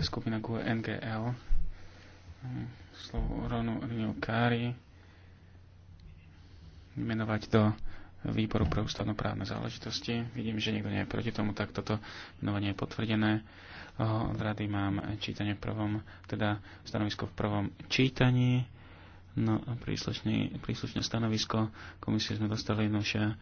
skupina GUE NGL, slovo Ronu Kári, menovať do výboru pre ústavnoprávne záležitosti. Vidím, že nikto nie je proti tomu, tak toto menovanie je potvrdené. Od rady mám čítanie v prvom, teda stanovisko v prvom čítaní. No a príslušné stanovisko komisie sme dostali, nože